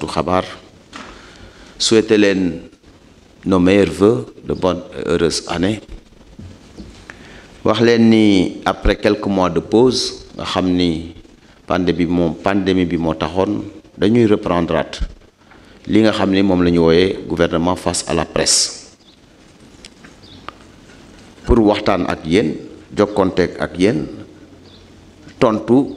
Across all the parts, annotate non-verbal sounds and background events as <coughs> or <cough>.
du Khabar, souhaiter le nos meilleurs vœux de bonne et heureuse année après quelques mois de pause nga xam pandémie bi pandémie bi reprendre li nga gouvernement face à la presse pour waxtaan ak nous avons ak que tontu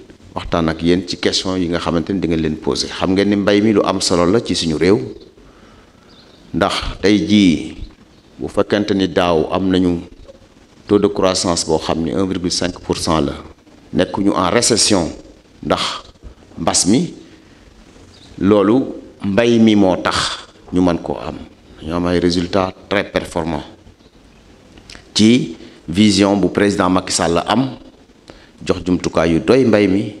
waxtaan ak Yen ci question yi nga xamante ni di nga leen posé xam ngeen ni mbay mi lu am solo la ci suñu réew ndax tey jii bu fekkente ni am nañu taux de croissance boo xam 1,5 pour cent la nekkuñu en récession ndax mbas mi loolu mbay mi moo tax ñu mën am dañoo am ay résultats très performants ci vision bu président Macky Sall am jox jumtukaay yu doy mbay mi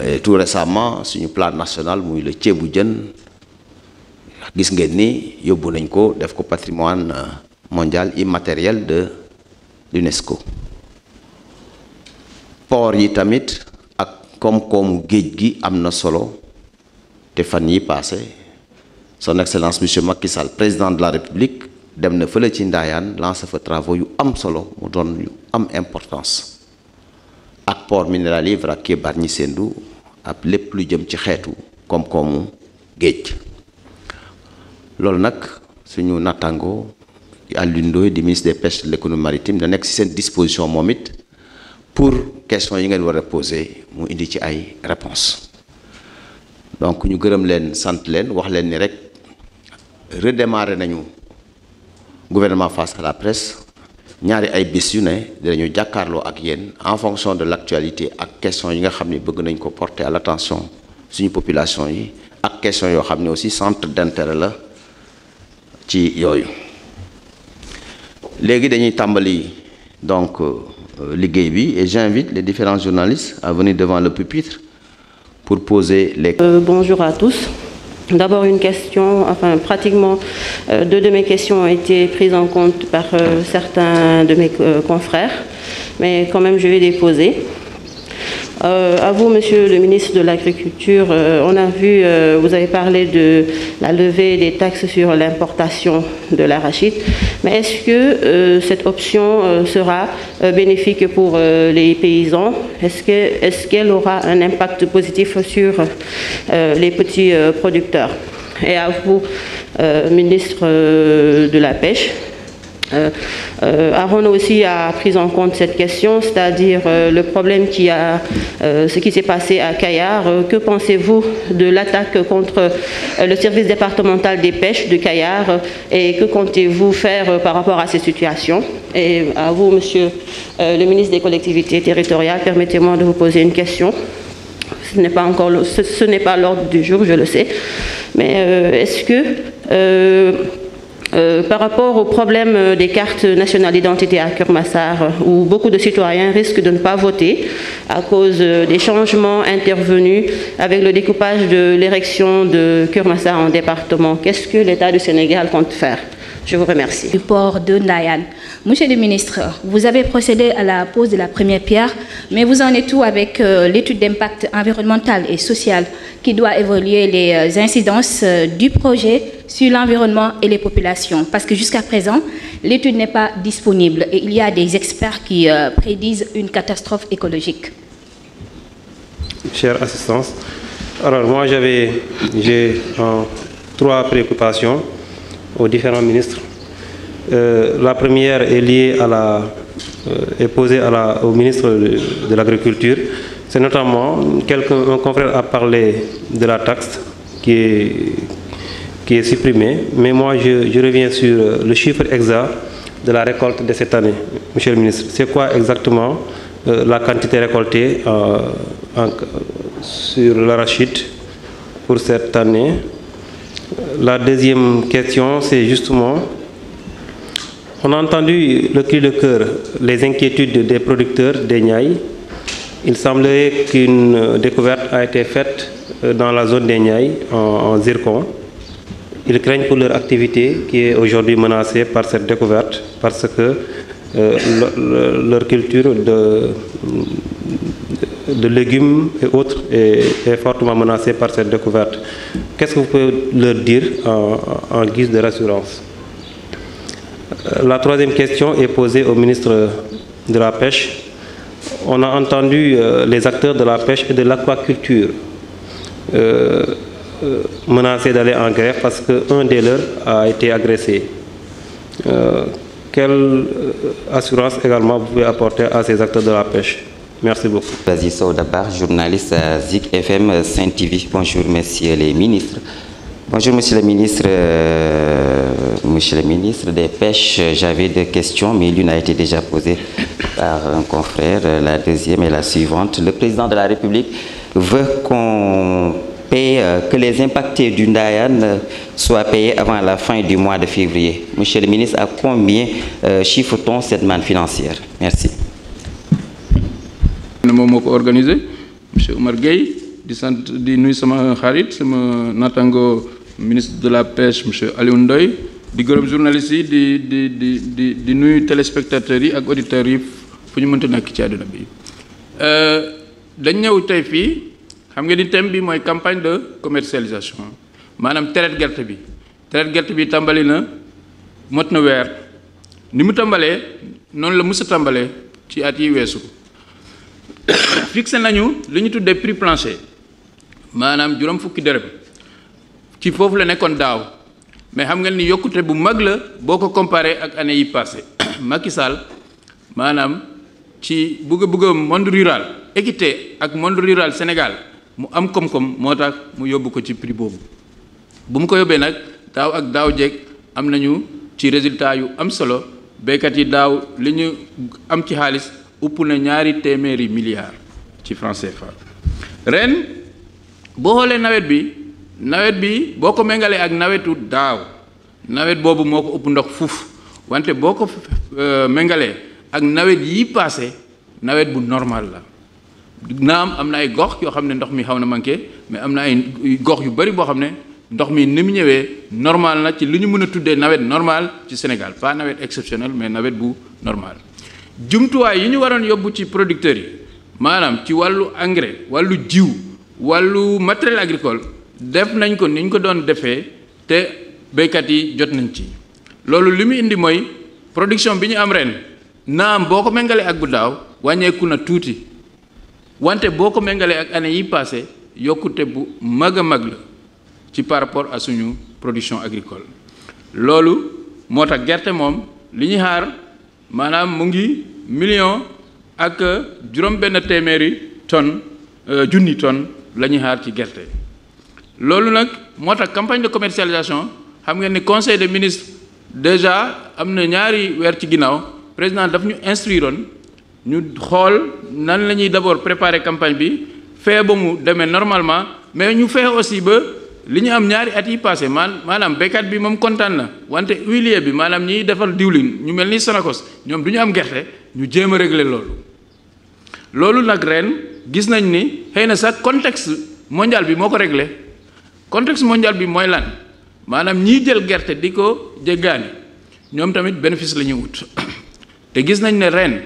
et eh, tout récemment sur le plan national muy le ceebu jën gis ngeen ni ko def ko patrimoine euh, mondial immatériel de l'UNESCO port yi tamit ak koom-koomu géej solo te passé son excellence monsieur Macky Sall président de la république Demne na ci Ndaayaan lancé fa travaux yu am solo mu donne am importance ak port minéralier vraquier Bargny Sendou ab plus lu jëm ci xeetu comme koomu géej loolu nag suñu natango Alioune di ministre des pêches de l'économie maritime da nekk ci seen disposition moom it pour question yi ngeen war a poser mu indi ci ay réponses donc ñu gërëm leen sant leen wax leen ni rek redémarrer nañu gouvernement face à la presse ñaari ay bés yu ne dinañu jakarlo ak yéen en fonction de l'actualité ak question yi nga xam bëgg nañ ko porter à l'attention suñu population yi ak question yo xam aussi centre d'intérêt la ci yooyu légui dañuy tambali donc euh, liguey bi et j'invite les différents journalistes à venir devant le pupitre pour poser les. Euh, bonjour à tous. D'abord une question, enfin pratiquement euh, deux de mes questions ont été prises en compte par euh, certains de mes euh, confrères, mais quand même je vais les poser. A euh, à vous, Monsieur le ministre de l'Agriculture, euh, on a vu, euh, vous avez parlé de la levée des taxes sur l'importation de l'arachide, mais est-ce que cette option sera bénéfique pour les paysans Est-ce qu'elle aura un impact positif sur les petits producteurs Et à vous, ministre de la Pêche, euh, euh, Aaron aussi a pris en compte cette question, c'est-à-dire euh, le problème qui a, ce qui s'est passé à Caillard. que pensez-vous de l'attaque contre le service départemental des pêches de Caillard et que comptez-vous faire par rapport à ces situations Et à vous, monsieur le ministre des collectivités territoriales, permettez-moi de vous poser une question ce n'est pas encore ce, n'est pas l'ordre du jour, je le sais. Mais est-ce que euh, par rapport au problème euh, des cartes nationales d'identité à Kermassar, où beaucoup de citoyens risquent de ne pas voter à cause euh, des changements intervenus avec le découpage de l'érection de Kermassar en département, qu'est-ce que l'État du Sénégal compte faire je vous remercie. Du port de Monsieur le ministre, vous avez procédé à la pose de la première pierre, mais vous en êtes où avec euh, l'étude d'impact environnemental et social qui doit évoluer les euh, incidences euh, du projet sur l'environnement et les populations Parce que jusqu'à présent, l'étude n'est pas disponible et il y a des experts qui prédisent une catastrophe écologique. Chère assistance, alors moi j'avais trois préoccupations aux différents ministres. Euh, la première est liée à la, euh, est posée à la, au ministre de, l'Agriculture. C'est notamment, quelqu'un, un confrère a parlé de la taxe qui est, supprimée, mais moi je, reviens sur euh, le chiffre exact de la récolte de cette année. Monsieur le ministre, c'est quoi exactement la quantité récoltée euh, en, sur l'arachide pour cette année la deuxième question, c'est justement, on a entendu le cri de cœur, les inquiétudes des producteurs des Il semblerait qu'une découverte a été faite euh, dans la zone des en, zircon. Ils craignent pour leur activité qui est aujourd'hui menacée par cette découverte parce que euh, leur culture de, de légumes et autres est, fortement menacée par cette découverte. Qu'est-ce que vous pouvez leur dire en, guise de rassurance euh, La troisième question est posée au ministre de la Pêche. On a entendu euh, les acteurs de la pêche et de l'aquaculture euh, euh menacés d'aller en grève parce qu'un des leurs a été agressé. quelle assurance également vous pouvez apporter à ces acteurs de la pêche Merci beaucoup. Vas-y journaliste à euh, ZIC FM euh, Saint-TV. Bonjour, messieurs les ministres. Bonjour, monsieur le ministre. Euh, monsieur le ministre des Pêches, j'avais deux questions, mais l'une a été déjà posée par un confrère. La deuxième est la suivante. Le président de la République veut qu'on paye, que les impactés du Ndayan soient payés avant la fin du mois de février. Monsieur le ministre, à combien chiffre-t-on cette manne financière Merci moom organisé monsieur Omar Gueye di di sama ministre de la pêche monsieur Ali di gërëm journaliste yi di di di di téléspectateurs yi ak auditeurs yi campagne de commercialisation maanaam traite gerte bi traite gerte bi tàmbali na mot ni mu tàmbalee noonu la a ci at yi <coughs> fixé nañu lu ñu tuddee prix plancher maanaam juróom fukki dërëm ci foofu la nekkoon daaw mais xam nga ni yokkute bu mag la boo ko comparé ak année yi passé <coughs> Macky Sall maanaam ci bëgg bëgg monde rural équité ak monde rural Sénégal mu am koom-koom moo tax mu yóbbu ko ci prix boobu bu mu ko yóbbee nag daaw ak daaw jeeg am nañu ci résultat yu am solo béykat yi daaw li ñu am ci xaalis upp na ñaari qui milliards ci pas ren bo xoolee nawet bi nawet bi boko ko ak nawetu daaw nawet gens qui upp ndox fouf wante boko euh, ak nawet yi passé bu normal la na am gens ay gox yo ndox mi xawna na mais amna ay gox yu bari bo ndox mi ni normal na ci normal ci Sénégal pas exceptionnel mais nawet bu normal jumtuwaay yi ñu waroon yóbbu ci producteurs yi maanaam ci wàllu engrais wàllu jiw wàllu matériel agricole def nañ ko ni ñu ko doon defee te baykat yi jot nañ ci loolu li mu indi mooy production bi ñu am ren naam boo ko méngalee ak bu daaw wàññeeku na tuuti wante boo ko méngalee ak année yi passé yokkute bu mag a mag la ci par rapport a suñu production agricole loolu moo tax gerte moom li ñu xaar manam mu ngi million ak juróom-benn téeméeri tonne euh, junni tonne la ñuy xaar ci gerte loolu nag moo tax campagne de commercialisation xam ngeen ni conseil des ministres déjà am na ñaari weer ci ginnaaw président daf ñu nous ñu xool nan la ñuy d'abord préparer campagne bi fee ba normalement mais ñu fexe aussi ba. li ñu am ñaari at yi passé maan maanaam béykat bi moom kontaan na wante huilier bi maanaam ñiy defar diwlin ñu mel ni Sonacos ñoom du ñu am gerte ñu jéem a régler loolu loolu nag ren gis nañ ni xëy na sa contexte mondial bi moo ko régle contexte mondial bi mooy lan maanaam ñiy jël gerte di ko jéggaani ñoom tamit bénéfice la ñuy wut <coughs> te gis nañ ne ren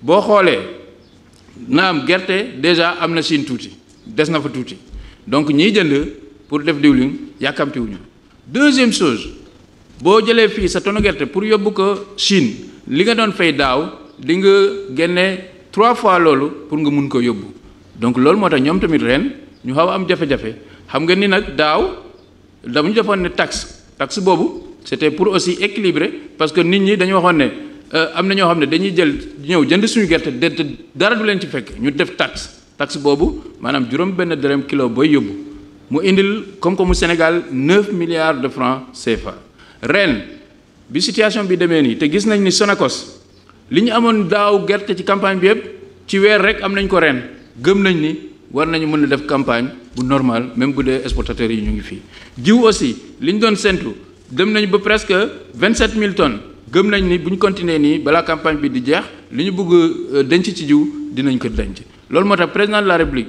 boo xoolee naam gerte déjà am na Chine tuuti des na fa tuuti donc ñiy jënd pour def diwlin wuñu deuxième chose bo jëlee fi sa tonne gerte pour yóbbu ko Chine li nga don fay daw di nga genné trois fois lolu pour nga mën ko yóbbu donc lolu motax ñom tamit ren ñu xaw am jafé jafé xam nga ni nak daw dañu defoon ne taxe taxe bobu c'était pour aussi équilibrer parce que nit ñi dañu waxoon ne euh, am na ñoo dañuy jël ñew jënd suñu gerte dara du leen ci fekk ñu def taxe taxe bobu manam juroom benn dërëm kilo boy yóbbu mu indil koom-koomu Sénégal 9 milliards de francs CFA ren bi situation bi demee nii te gis nañ ni Sonacos li ñu amoon daaw gerte ci campagne bi yëpp ci weer rek am nañ ko ren gëm ni war nañu mën def campagne bu normal même bu dee exportateurs yi ñu ngi fi jiw aussi liñ doon sentu dem nañ ba presque 27000 tonnes gëm nañ ni bu ñu continuer nii balaa campagne bi di jeex liñu bëgg euh, denc ci jiw dinañ ko denc loolu moo président de la république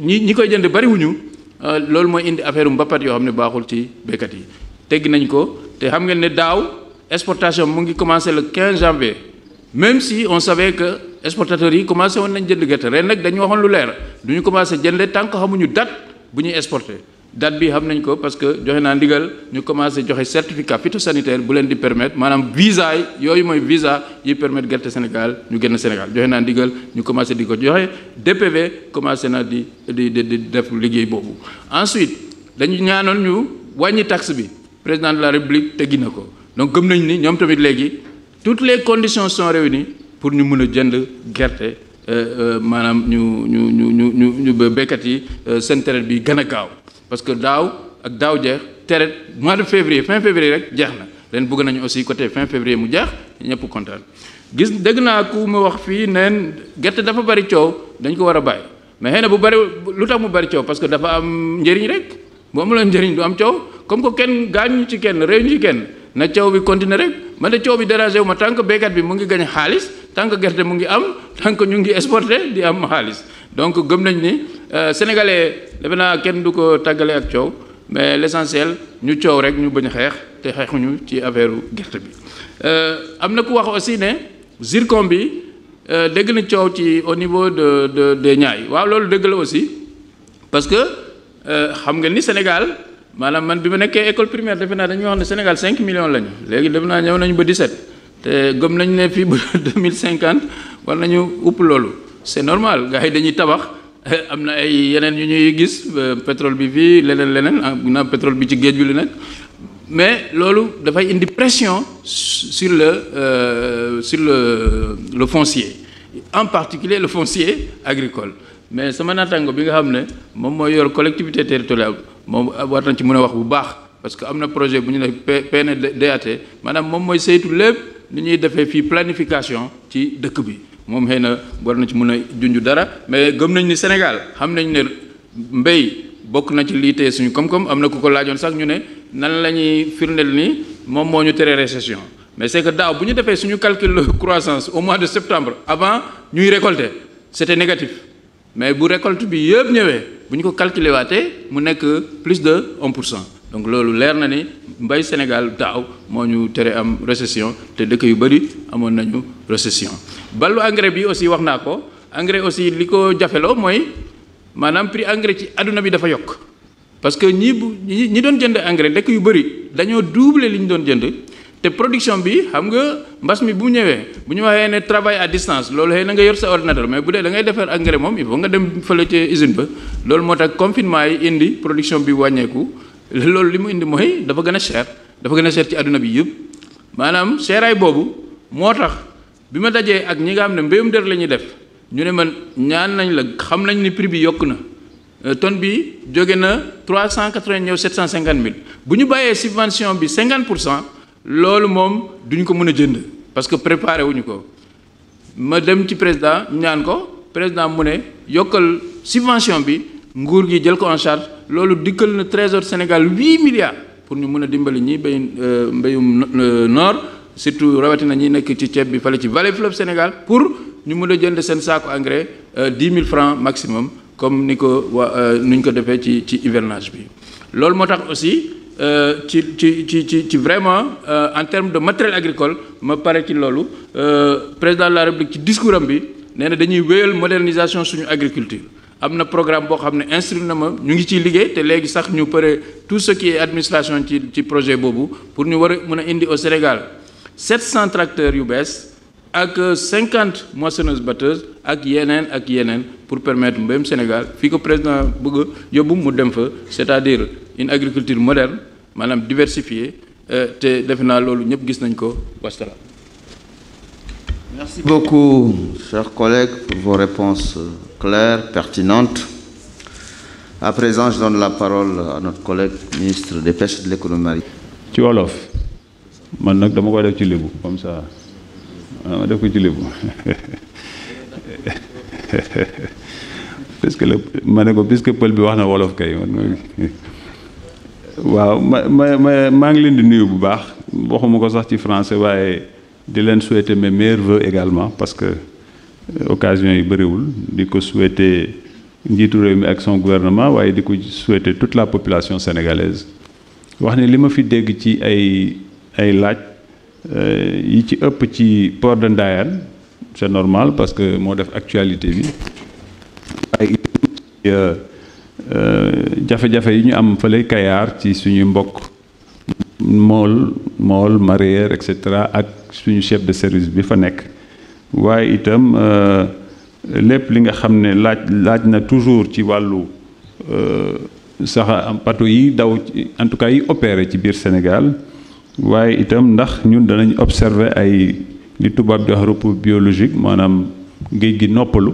ñi ñi koy jënd wuñu euh, lool moy indi affaire mbappat yo xam baxul ci béykat yi tegg nañ ko te xam ngeen ne daaw exportation mu ngi commencé le 15 janvier même si on savait que exportateurs yi commencé woon nañ jënd gerte ren nak dañu waxon lu leer duñu ñu commencé jëndee tant xamuñu date bu ñuy exporter date bi xam nañ ko parce que joxe naa ndigal ñu commencé joxe certificat phytosanitaire bu leen di permettre maanaam visa yi yooyu mooy visa yi permettre gerte Sénégal ñu génn Sénégal joxe naa ndigal ñu commencé di ko joxe DPV commencé na di di di def liggéey boobu. ensuite dañu ñaanoon ñu wàññi taxe bi président de la république teggi na ko donc gëm nañ ni ñoom tamit léegi toutes les conditions sont réunies pour ñu mën a jënd gerte euh, euh, maanaam ñu ñu ñu ñu ñu béykat yi euh, seen traite bi gën a gaaw. parce que daaw ak daaw jeex teret mois de février fin février rek jeex na ren bëgg nañu aussi côté fin février mu jeex ñëpp kontaan gis dëgg naa ku ma wax fii neen gerte dafa bari coow dañ ko war a bàyyi mais xëy bu bari lu tax mu bari coow parce que dafa am njëriñ rek bu amuloon njëriñ du am coow comme que kenn gaañu ci kenn réew ñu ci kenn na coow bi continuer rek man de coow bi dérangé wu ma tant que béykat bi mu ngi gañ xaalis tant que gerte mu ngi am tant que ñu ngi exporté di am xaalis donc gëm nañ ni euh, sénégalais defe naa kenn du ko ak coow mais l'essentiel ñu coow rek ñu bañ a xeex te xeexuñu ci affaire gerte bi. Euh, am na ku wax aussi ne zircon bi euh, dégg na coow ci au niveau de de de Niayes waaw loolu dëgg la aussi parce que xam nga ni Sénégal maanaam man bi ma école primaire defe naa dañuy wax ne Sénégal 5 millions lañu léegi defe naa ñëw nañu 17 te gëm nañu ne fii ba 2050 <laughs> war nañu upp loolu c'est normal gars yi dañuy tabax <laughs> amna ay yenen yu ñuy gis euh, pétrole bi fii leneen leneen ah, na pétrole bi ci géej bi lu nekk mais da fay indi pression sur le euh, sur le le foncier en particulier le foncier agricole mais sama natango bi nga xam mom moy yor collectivité territoriale mom war ci mëna a wax bu baax parce que amna projet bu ñu ne PNDAT manam mom moy saytu lepp ni ñuy defee fi planification ci dëkk bi mom xëy na war na ci mën a dara mais gëm nañ ni Sénégal xam nañ ne mbéy bokk na ci lii suñu kom kom amna na ku ko laajoon sax ñu ne nan lañuy ñuy ni mom moñu téré récession mais c'est que daw buñu défé defee suñu calcul croissance au mois de septembre avant ñuy récolter c'était négatif mais bu récolte bi yëpp ñëwé buñ ko calculer waté mu nekk plus de 1 donc lolu leer na ni mbay Sénégal daw moñu téré am récession té dëkk yu bari amon nañu récession ballu engrais bi aussi wax naa ko engrais aussi li ko jafeloo mooy maanaam prix engrais ci àdduna bi dafa yokk parce que ñi bu ñi doon jënd engrais lekk yu bëri dañoo doubler li ñu doon jënd te production bi xam nga mbas mi bu ñëwee bu ñu waxee ne travail à distance loolu xëy na nga yor sa ordinateur mais bu dee da ngay defar engrais moom il faut nga dem fële ca usine ba loolu moo tax confinement yi indi production bi wàññeeku loolu li mu indi mooy dafa gën a cher dafa gën a cher ci àdduna bi yëpp maanaam seeraay boobu moo tax. Si nous ak ñi nga ne man ni prix bi euh, bi na trois subvention bi 50%, duñ ko parce que préparé wuñu ko ma dem ci président ñaan ko président subvention bi en charge loolu dikkal na trésor Sénégal 8 milliards pour ñu mëna dimbali ñi euh, euh, surtout rawatina ñi nek ci ceeb bi fale ci vallée fleuve Sénégal pour ñu mëna a jënd seen saako engrais 10 euh, 000 francs maximum comme niko euh, nuñ ko défé ci ci hivernage bi. lool motax aussi euh, ci ci ci ci vraiment en terme de matériel agricole me paraît ci euh président de la république ci discours am bi néna dañuy wéyal modernisation suñu agriculture. amna programme bo xamné ne na ma ñu ngi ci liggéey té légui sax ñu paré tout ce qui est administration ci ci projet bobu pour ñu wara mëna a indi au Sénégal. 700 tracteurs yu avec 50 moissonneuses batteuses ak yenen ak pour permettre même Sénégal président c'est-à-dire une agriculture moderne Madame diversifiée euh té gis Merci beaucoup, chers collègues, pour vos réponses euh, claires, pertinentes. À présent, je donne la parole à notre collègue ministre des Pêches et de l'économie maritime. Tu man nag dama koy def ci lébu comme ça dama def ko ci lébu parce que la ma ne ko puisque pël bi wax na wolof kay waaw ma ma ma maa ngi leen di nuyu bu baax waxuma ko sax ci français waaye di leen souhaiter mes meilleurs vœux également parce que euh, occasion yi bëriwul di ko souhaiter njiitu réew mi ak son gouvernement waaye di ko souhaiter toute la population sénégalaise wax ne li ma fi dégg ci ay ay laaj euh, yi ci ëpp ci port de Ndayane c'est normal parce que moo def actualité bi waaye euh, euh, jafe-jafe yi ñu am fële Kayar ci suñuy mbokk mool mool marier et cetera ak suñu chef de service bi fa nekk waaye itam lépp li nga xam ne laaj laaj na toujours ci wàllu sax am yi daw en tout cas yi opéré ci biir Sénégal waaye itam ndax ñun danañ observer ay li tubaab di wax biologique maanaam géej gi noppalu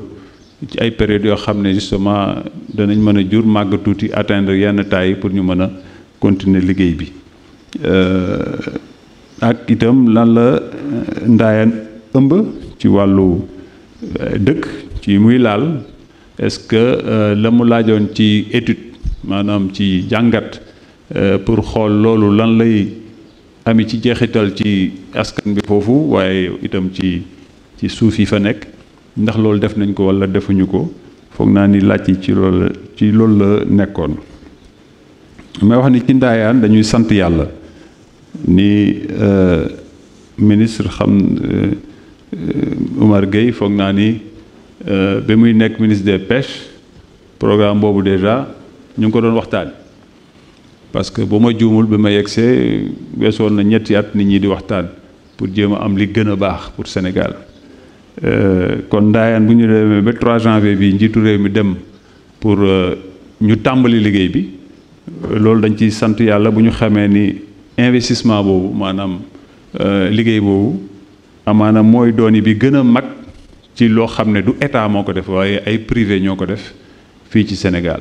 ci ay période yoo xam ne justement danañ mën a jur màgg tuuti atteindre yenn taille pour ñu mën a continuer liggéey bi euh, ak itam lan la euh, ndaayaan ëmb ci wàllu euh, dëkk ci muy laal est-ce que la mu laajoon ci étude maanaam ci jàngat pour xool loolu lan lay ami ci jeexital ci askan bi foofu waaye itam ci ci suuf yi fa nekk ndax loolu def nañ ko walla defuñu ko foog naa ni laaj ci lool la ci loolu la nekkoon may wax ni ci ndaayaan dañuy sant yàlla ni euh, ministre xam euh, Oumar Gueye foog naa ni euh, bi muy nekk ministre des pêches programme boobu déjà ñu ngi ko doon waxtaan parce que bu ma juumul bi ma yegsee weesoon na ñetti at nit ñi di waxtaan pour jéem a am li gën a baax pour Sénégal euh, kon ndaayaan bu ñu demee ba 3 janvier bi njiitu réew mi dem pour euh, ñu tàmbali liggéey bi euh, loolu dañ ci sant yàlla bu ñu xamee ni investissement boobu maanaam liggéey boobu amaana mooy yi bi gën a mag ci loo xam ne du état moo ko def waaye ay privé ñoo ko def fii ci Sénégal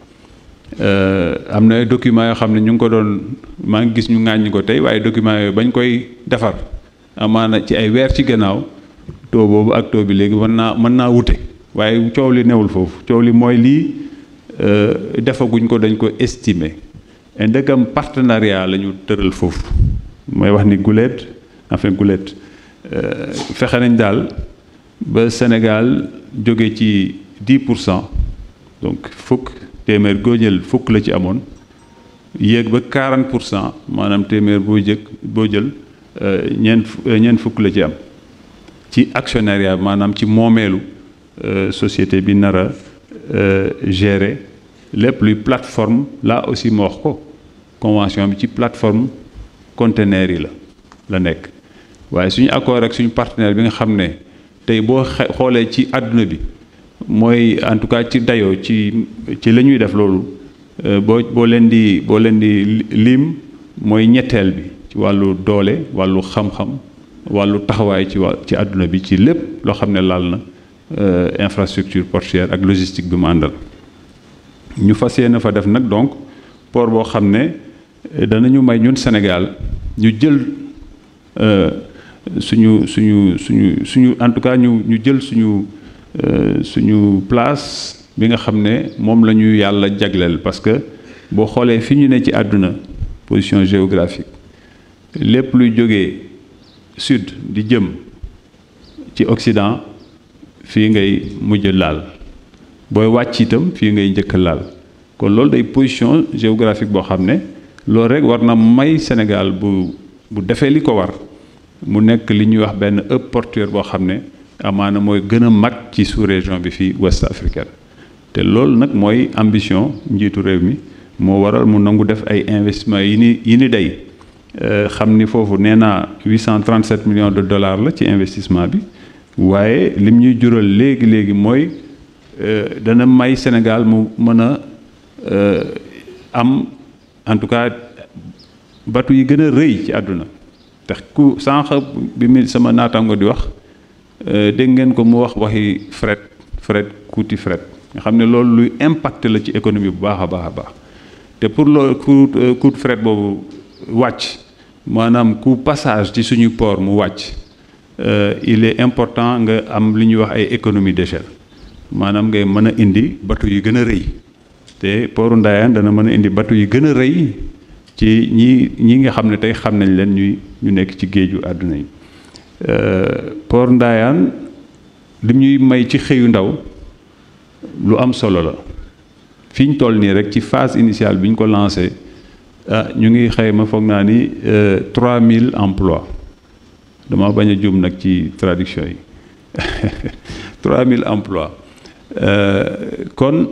Euh, am na document yoo xam ne ñu ngi ko doon maa ngi gis ñu ŋàññi ko tey waaye document yooyu bañ koy defar amaana ci ay weer ci gannaaw taux boobu ak taux bi léegi mën naa mën naa wute waaye coow li newul foofu coow li mooy lii euh, defaguñ ko dañ ko estimer et ndegam partenariat la ñu tëral foofu mooy wax ni guleet enfin guleet euh, fexe nañ daal ba Sénégal jóge ci 10 pour cent donc fukk téeméer goo jël fukk la ci amoon yéeg ba 40 pour cent maanaam téeméer boo jëkk boo jël euh, ñeent euh, ñeent fukk la ci am ci actionnariat maanaam ci moomeelu euh, société bi nar a gérer lépp luy plateforme là aussi ma wax ko convention bi ci plateforme conteneur yi la la nekk waaye suñu accord ak suñu partenaire bi nga xam ne tey boo xoolee ci àdduna bi mooy en tout cas ci dayoo ci ci la ñuy def loolu euh, boo boo leen di boo leen di liim mooy ñetteel bi ci wàllu doole wàllu xam-xam wàllu taxawaay ci ci àdduna bi ci lépp loo xam ne laal na euh, infrastructure portuaire ak logistique bi mu àndal ñu fas yéene fa def nag donc port boo xam ne euh, danañu may ñun Sénégal ñu jël suñu suñu suñu suñu en tout cas ñu ñu jël suñu Euh, suñu place bi nga xam ne moom la ñu yàlla jagleel parce que boo xoolee fi ñu ne ci àdduna position géographique lépp luy jógee sud di jëm ci occident fii ngay mujj laal booy wàcc itam fii ngay njëkk laal kon loolu day position géographique boo xam ne loolu rek war na may Sénégal bu bu defee li ko war mu nekk li ñuy wax benn hub portuaire boo xam ne amana moy gën mag ci sous région bi fi ouest africaine té lool nak moy ambition njiitu réew mi moo waral mu nangu def ay investissement yi ni yi ni day euh, xam ni 837 millions de dollars la ci investissement bi waaye lim ñuy jural légui moy euh dana may Sénégal mu mëna euh am en tout cas batu yi gën reuy ci aduna tax ku sànq bi mi sama natango di wax. Euh, dégg ngeen ko mu wax waxi fret fret kuuti fret nga xam ne loolu luy impact la ci économie bu baax a baax a baax te pour loolu coût euh, coût fret boobu wàcc maanaam ku passage ci suñu port mu wàcc euh, il est important nga am li ñuy wax ay économie de d'échelle maanaam ngay mën a indi bateau yi gën a rëy te pooru Ndayane dana mën a indi bateau yi gën a rëy ci ñi ñii nga xam ne tey xam nañ leen ñuy ñu nekk ci géeju àdduna yi Pour nous, nous avons fait un peu de temps. Nous avons fait un peu phase initiale Nous avons fait un peu de Nous avons fait 3 000 emplois. Je vais vous donner une traduction. 3 000 <laughs> emplois. Et dans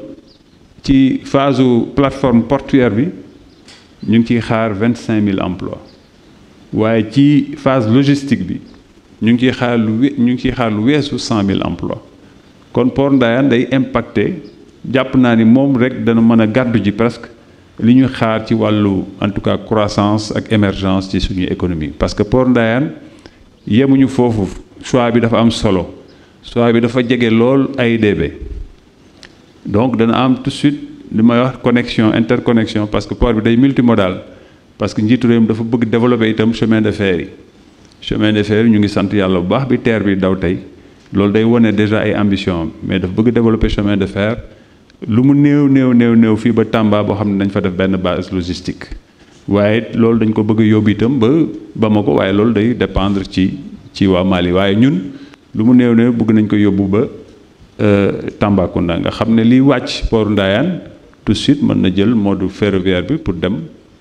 la phase de la plateforme portuaire, nous avons fait 25 000 emplois. Et dans la phase logistique, ñu ngi ciy xaar lu ñu ngi ciy lu weesu cent mille emplois kon port Ndayane day impacté jàpp naa ni moom rek dana mën a gàddu ji presque li ñu xaar ci wàllu en tout cas croissance ak émergence ci suñu économie parce que port Ndayane yemuñu foofu choix bi dafa am solo choix bi dafa jege lool AIBD donc dana am tout de suite li may wax connexion interconnexion parce que port bi day multimodal parce que njiitu réem dafa bëgg développer itam chemin de fer yi chemin de fer ñu ngi sant yàlla bu baax bi terre bi daw tey loolu day wone déjà ay ambition mais dafa bëgg développer chemin de fer lu mu néew néew néew néew fii ba Tamba boo xam ne dañ fa def benn base logistique waaye loolu dañ ko bëgg yóbbu itam ba Bamako waaye loolu day dépendre ci ci waa waaye ñun lu mu néew néew bëgg nañ ko yóbbu ba euh, Tambacounda nga xam ne liy wàcc port Ndayane tout de suite mën na jël mode ferroviaire bi pour dem.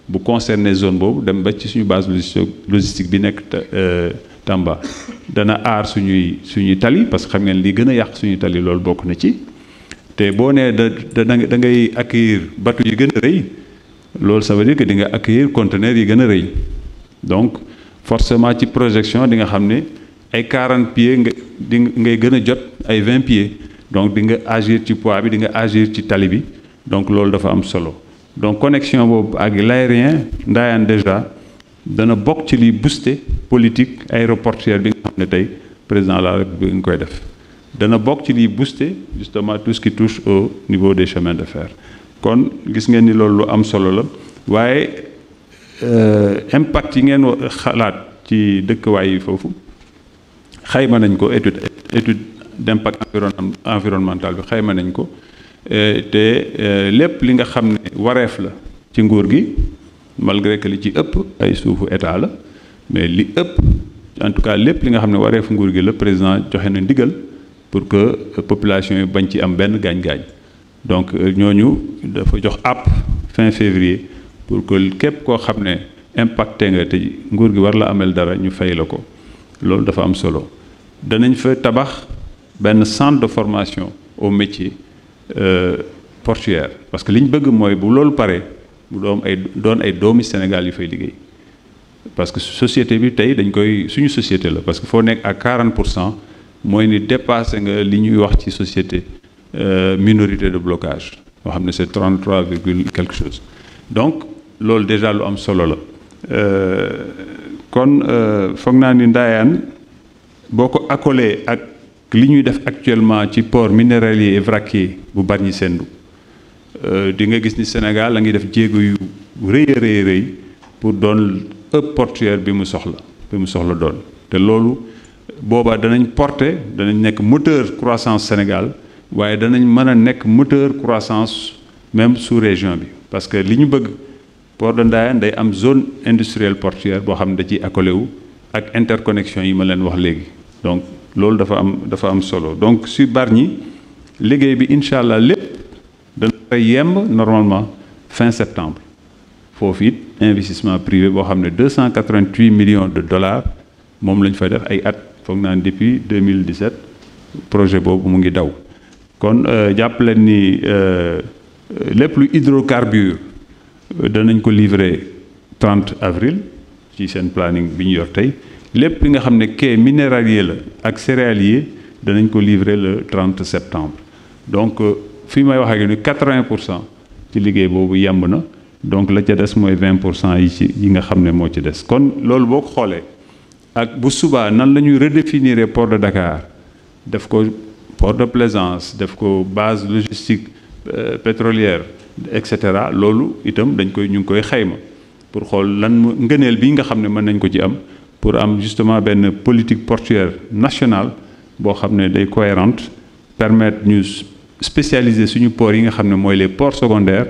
bu concerné zone boobu dem ba ci suñu base logistique logistique bi nekk euh, Tamba dana ar suñuy suñuy tali parce que xam ngeen li gëna a yàq suñuy tali lool bokku na ci té bo né da da ngay accueillir bateau yi gëna reuy lool ça veut dire que di nga accueillir conteneur yi gëna reuy donc forcément ci projection di nga xamné ay 40 pieds nga ngay gëna jot ay 20 pieds donc di nga agir ci poids bi di nga agir ci tali bi donc loolu dafa am solo donc connexion bob ak l'aérien Ndayane déjà dana bok ci li booster politique aéroportuaire bi nga xamné tay président la rek bi nga koy def dana bok ci li booster justement tout ce qui touche au niveau des chemins de fer kon gis ngeen ni loolu am solo la waaye euh, impact yi ngeen xalaat ci dëkkuwaay yi foofu xayma nañ ko étude étude d'impact environnemental bi xayma nañ ko euh, te euh, lépp li nga xam ne wareef la ci nguur gi malgré que li ci ëpp ay suufu état la mais li ëpp en tout cas lépp li nga xam ne wareef nguur gi la président joxe na ndigal pour que euh, population yi bañ ci am benn gaañ-gaañ donc ñooñu dafa jox app fin février pour que képp koo xam ne impacté nga te nguur gi war la amel dara ñu fay la ko loolu dafa am solo danañ fa tabax benn centre de formation au métier euh, portuaire parce que liñ moi, bëgg mooy bu lolou paré bu doom ay doon ay doomi Sénégal yu fay liggéey parce que société bi tay dañ koy suñu société la parce que fo nek à 40 moy ni dépassé nga wax ci société euh, minorité de blocage xamné c'est 33 quelque chose donc là, déjà l'homme am solo la euh, kon foog naa ni ndaayaan boo accolé ak li ñuy def actuellement ci port minéralier et vraquier bu Bargny Sendou euh, di nga gis ni Sénégal la ngi def jéego yu pour donner ëpp portuaire bi mu soxla bi mu soxla doon te loolu boobaa danañ porter danañ nekk moteur croissance Sénégal waaye nous avons a nekk moteur croissance même sous région bi parce que li ñu bëgg port de Ndayane day am zone industrielle portuaire boo xam ne da ciy accolé wu ak interconnexion yi ma leen wax donc loolu dafa am dafa am solo donc si Bargny liggéey bi inshallah de lépp dana normalement fin septembre foofu it investissement privé boo xam ne 288 millions de dollars moom la fay def ay at depuis 2017 projet boobu mu ngi daw kon euh, jàpp leen ni euh, lépp lu hydrocarbure euh, danañ ko livrer 30 avril ci seen planning bi ñu yor lépp nga xam ne quai minéralier la ak céréalier danañ ko livrer le 30 septembre donc euh, fi may wax ak ni 80 ci liggéey boobu yemb na donc la ca des mooy 20 yi ci yi nga xam ne moo ci des kon loolu boo ko xoolee ak bu subaa nan la ñuy redéfinir port de Dakar def ko port de plaisance def ko base logistique euh, pétrolière et cetera loolu itam dañ koy ñu ngi koy xayma pour xool lan ngëneel bi nga xam ne mën nañ ko ci am pour am justement benn politique portuaire nationale bo xamné day cohérente permettre ñu spécialiser suñu port yi nga xamné moy les ports secondaires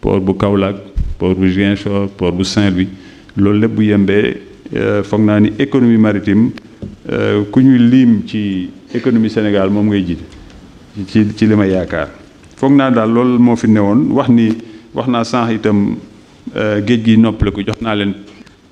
port bu Kaolack port bu Ziguinchor port bu Saint-Louis loolu lepp bu yembé euh naa ni économie maritime euh ku ñuy lim ci économie Sénégal mom ngay jitt ci ci lima ma yaakaar foog naa daal loolu moo fi newoon wax ni wax naa sànq itam euh, geej gi noppale ko jox naa leen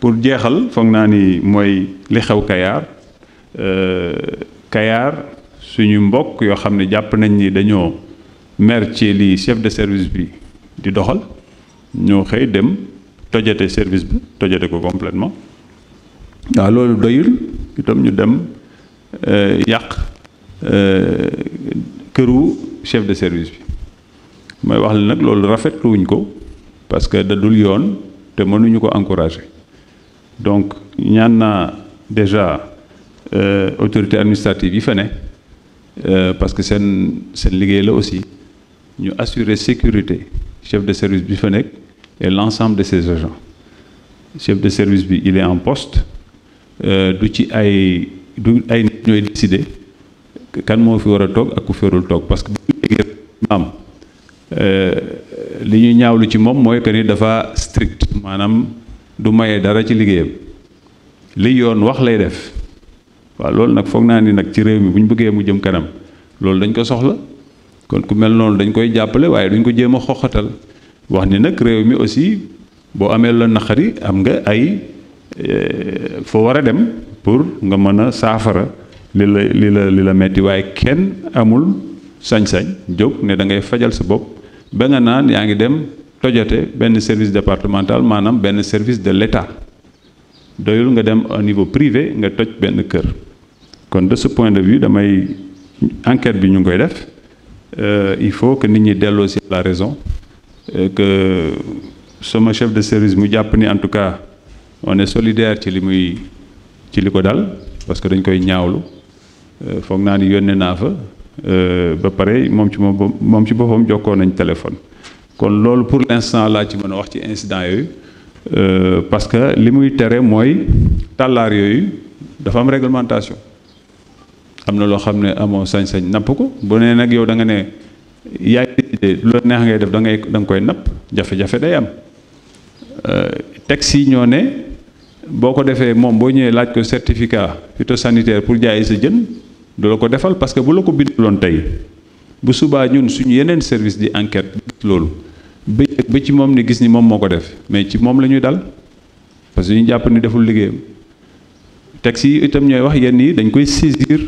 pour jeexal foog naa ni mooy li xew Kayar euh, Kayar suñu mbokk yoo xam ne jàpp nañ ni dañoo mer ci lii chef de service bi di doxal ñoo xëy dem tojate service bi tojate ko complètement waa loolu doyul itam ñu dem euh, yàq euh, këru chef de service bi mooy wax la nag loolu rafetluwuñ ko parce que da dul yoon te mënuñu ko encourager donc il y a déjà euh, autorité administrative yi euh, parce que c'est seen liggéey la aussi assurons assurer sécurité chef de service bi fa et l'ensemble de ses agents chef de service il est en poste euh, du ci ay du quand nous faisons décider kan nous fi le a parce que bu ñu maam li ñu ñaawlu ci moom que dafa strict madame du maye dara ci liggéeyam li yoon wax lay def waaw loolu nag foog naa ni nag ci réew mi bu ñu bëggee mu jëm kanam loolu dañ ko soxla kon ku mel noonu dañ koy jàppale waaye duñ ko jéem a xoxatal wax ni nag réew mi aussi boo amee la naqari am nga ay eh, foo war a dem pour nga mën a saafara li la li la li metti waaye kenn amul sañ-sañ jóg ne da ngay fajal sa bopp ba nga naan yaa ngi dem tojate benn service départemental maanaam benn service de l'État doyul nga dem au niveau privé nga toj benn kër kon de ce point de vue damay enquête bi ñu ngi koy def euh, il faut que nit ñi delloo si la raison euh, que sama chef de service mu jàpp ni en tout cas on est solidaire ci li muy ci li ko dal parce que dañ koy ñaawlu euh, foog naa ni yónnee naa fa ba pare moom ci moom moom ci boppam jokkoo nañ téléphone kon loolu pour l' instant laa ci mën a wax ci incident yooyu euh, parce que li muy tere mooy tàllaar yooyu dafa am réglementation am na loo xam ne amoo sañ-sañ napp ko bu nee nag yow da nga ne yaay décidé lu neex ngay def da ngay da nga koy napp jafe-jafe day am euh, texte yi ñoo ne boo ko defee moom boo ñëwee laaj ko certificat phytosanitaire pour jaay sa jën do la ko defal parce que bu la ko bindaloon tey bu subaa ñun suñu yeneen service di enquête loolu ba ci moom ni gis ni moom moo ko def mais ci moom la ñuy dal parce que ñu jàpp ni deful liggéeyam tax yi itam ñooy wax yenn yi dañ koy saisir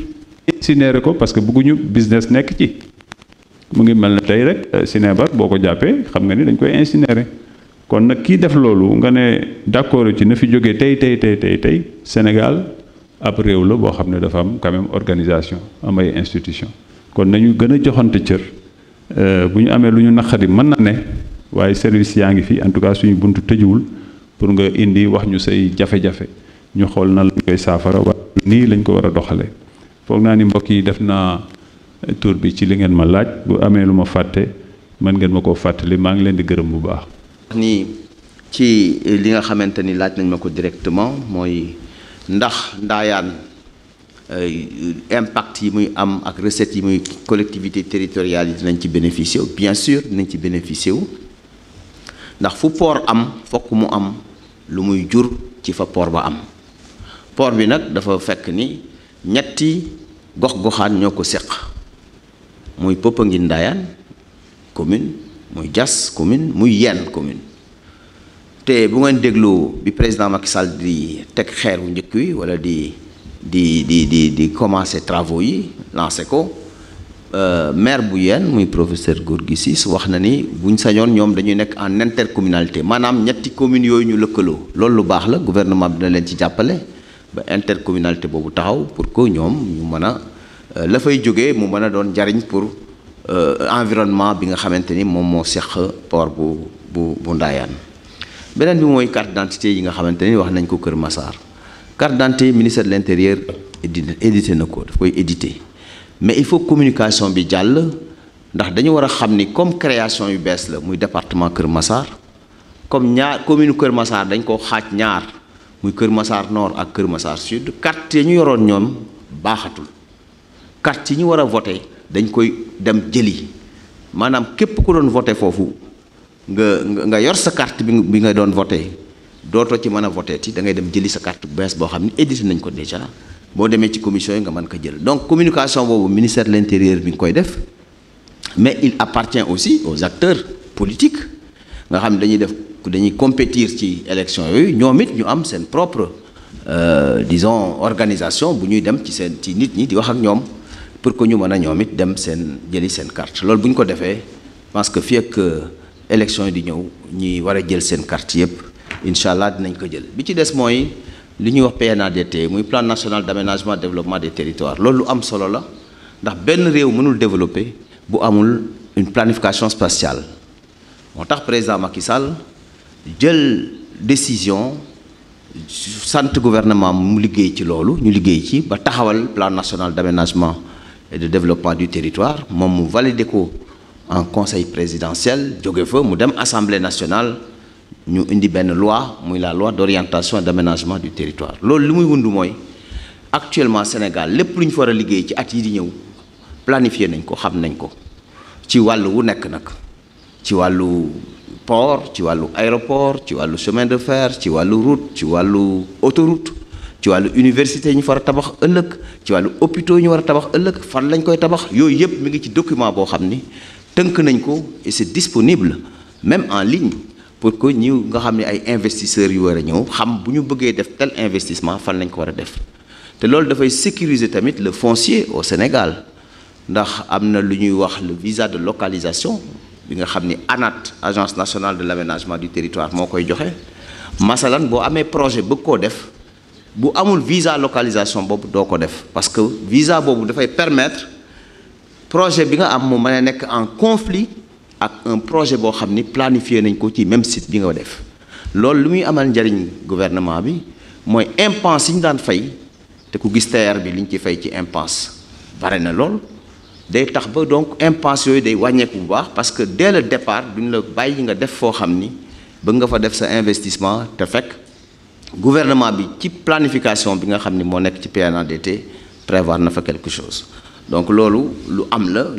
incinéré ko parce que bëgguñu business nekk ci mu ngi mel na tey rek Sinébar euh, boo ko jàppee xam nga ni dañ koy incinéré kon nag kii def loolu nga ne d'accord ci na fi jógee tey tey tey tey tey Sénégal ab réew boo xam ne dafa am quand organisation am ay institution kon nañu gën a joxante cër euh, bu ñu amee lu ñu naqari mën na ne waaye service yaa ngi fi en tout cas suñu buntu tëjuwul pour nga indi wax ñu say jafe-jafe ñu xool na lañ koy saafara waaye nii lañ ko war a doxalee foog naa ni mbokk yi def naa tur bi ci li ngeen ma laaj bu amee lu ma fàtte mën ngeen ma koo fàttali maa ngi leen di gërëm bu baax. ni ci li nga xamante ni laaj nañ ma ko directement mooy ndax ndaayaan euh, impact yi muy am ak recette yi muy collectivité territoriale yi dinañ ci bénéficier bien sûr dinañ ci bénéficier ndax fu port am fokk mu am lu muy jur ci fa port ba am port bi nag dafa fekk ni ñetti gox-goxaan ñoo ko séq muy ngi Ndayane commune muy Diass commune muy yenn commune te bu ngeen déglu bi président Macky Sall di teg xeer wu njëkk wi wala di di di di di commencer travaux yi lancé ko Euh, maire bu yeen muy professeur Gorgui Ciss wax na ni buñ sañoon ñoom dañuy nekk en intercommunalité maanaam ñetti communes yooyu ñu lëkkaloo loolu lu baax la gouvernement bi dina leen ci jàppale ba intercommunalité boobu taxaw pour que ñoom ñu mën a euh, la fay jógee mu mën a doon njariñ pour euh, environnement bi nga xamante ni moom moo seq pour bu bu bu Ndayane beneen bi mooy carte d'identité yi nga xamante ni wax nañ ko Kër Massar carte d'identité ministère de l'intérieur édité na ko daf koy mais il faut communication bi dial ndax dañu wara xamni comme création yu bess la muy département keur Massar comme ñaar commune keur Massar dañ ko xaaj ñaar muy keur Massar Nord ak keur Massar Sud quartier ñu yoron ñoom baxatul quartier ñu wara voter dañ koy dem jeli manam kep ku doon voter fofu nga nga yor sa carte bi nga doon voter doto ci mën voter ti da ngay dem jeli sa carte bess bo xamni xam édité nañ ko déjà bo demee ci commission yi nga man ko jël donc communication bobu ministère de l'intérieur bi nga koy def mais il appartient aussi aux acteurs politiques nga xam dañuy def dañuy compétir ci élection yooyu ñoom it ñu am sen propre euh, disons organisation bu ñuy dem ci sen ci nit ñi di wax ak ñom pour que ñu mëna a it dem sen jëli sen carte loolu buñ ñu ko defee parce que fii ak euh, élection yi di ñew ñi wara jël sen carte yépp inshallah dinañ ko jël bi ci des moy l'Union européenne a été, le plan national d'aménagement et développement des territoires loolu lu am solo la ndax benn développer bu amul une planification spatiale Mon président Macky Sall jël décision centre gouvernement mu liggéey ci loolu ñu liggéey a ba taxawal plan national d'aménagement et de développement du territoire Mon mu validé en conseil présidentiel jóge fa mu dem assemblée nationale ñu indi ben loi muy la loi d'orientation et d'aménagement du territoire lolou li muy wund mooy actuellement Sénégal lepp luñ ñu fa war a ci at yi di ñew planifier nañ ko xam nañ ko ci walu wu nek nak ci walu port ci walu aéroport ci walu chemin de fer ci walu route ci walu autoroute ci walu université ñu fa war tabax euleuk ci walu hôpitaux ñu wara tabax euleuk fan lañ koy tabax yoy yëpp mi ngi ci document bo xamni teunk nañ ko et c'est disponible même en ligne pour que nous nga xam ay investisseurs yu war nous ñëw xam bu ñu def tel investissement fan lañ ko war a def te sécuriser tamit le foncier au Sénégal ndax am na wax le visa de localisation bi nga xam ANAT agence nationale de l'aménagement du territoire moo koy joxe masalan boo amee projet bëgg koo def bu amul visa localisation boobu doo ko def parce que visa boobu dafay permettre projet bi nga am mu nekk en conflit ak un projet boo xam ni planifié nañ ko ci même site bi nga def loolu lu muy amal njariñ gouvernement bi mooy impense yi ñu daan fay te ku gis TER bi li ñu ci fay ci impense bare na lool day tax ba donc impense yooyu day wàññeeku bu baax parce que dès le départ duñ la bàyyi nga def foo xam ni nga fa def sa investissement te fekk gouvernement bi ci planification bi nga xam ni moo nekk ci PNADT prévoir na fa quelque chose donc lu euh,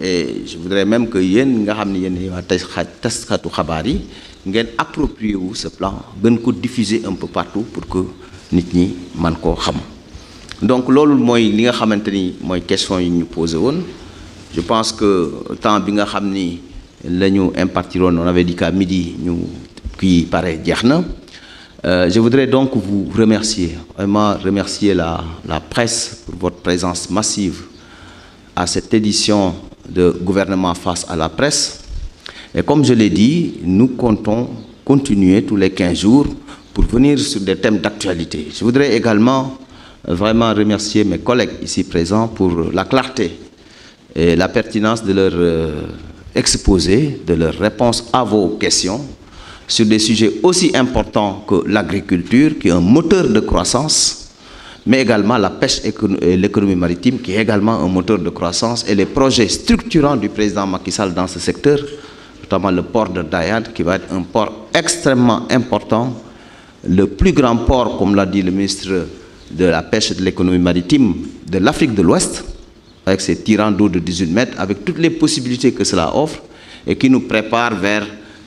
et je voudrais même que les nga xamni ce plan gën ko diffuser un peu partout pour que nous, ñi man donc li nga question ñu je pense que tant bi nga xamni lañu on avait dit qu'à midi ñu qui pare euh, je voudrais donc vous remercier, vraiment remercier la, presse pour votre présence massive à cette édition de Gouvernement face à la presse. Et comme je l'ai dit, nous comptons continuer tous les 15 jours pour venir sur des thèmes d'actualité. Je voudrais également euh, vraiment remercier mes collègues ici présents pour la clarté et la pertinence de leur euh, exposé, de leur réponse à vos questions sur des sujets aussi importants que l'agriculture, qui est un moteur de croissance, mais également la pêche et l'économie maritime, qui est également un moteur de croissance, et les projets structurants du président Macky Sall dans ce secteur, notamment le port de Dayad, qui va être un port extrêmement important, le plus grand port, comme l'a dit le ministre de la pêche et de l'économie maritime de l'Afrique de l'Ouest, avec ses tirants d'eau de 18 mètres, avec toutes les possibilités que cela offre, et qui nous prépare vers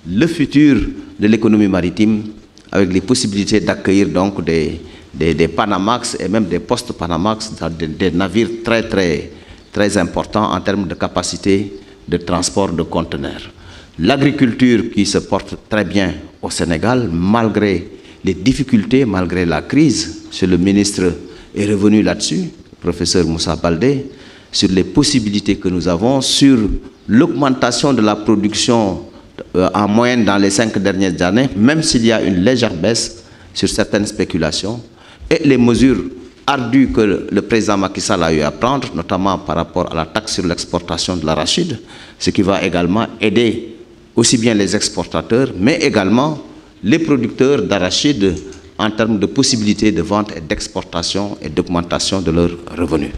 le futur de l'économie maritime avec les possibilités d'accueillir donc des, des, Panamax et même des postes Panamax, des, des, navires très, très, très importants en termes de capacité de transport de conteneurs. L'agriculture qui se porte très bien au Sénégal, malgré les difficultés, malgré la crise, le ministre est revenu là-dessus, professeur Moussa Baldé, sur les possibilités que nous avons, sur l'augmentation de la production euh, en moyenne dans les cinq dernières années, même s'il y a une légère baisse sur certaines spéculations, et les mesures ardues que le, président Macky Sall a eu à prendre, notamment par rapport à la taxe sur l'exportation de l'arachide, ce qui va également aider aussi bien les exportateurs, mais également les producteurs d'arachide en termes de possibilités de vente et d'exportation et d'augmentation de leurs revenus.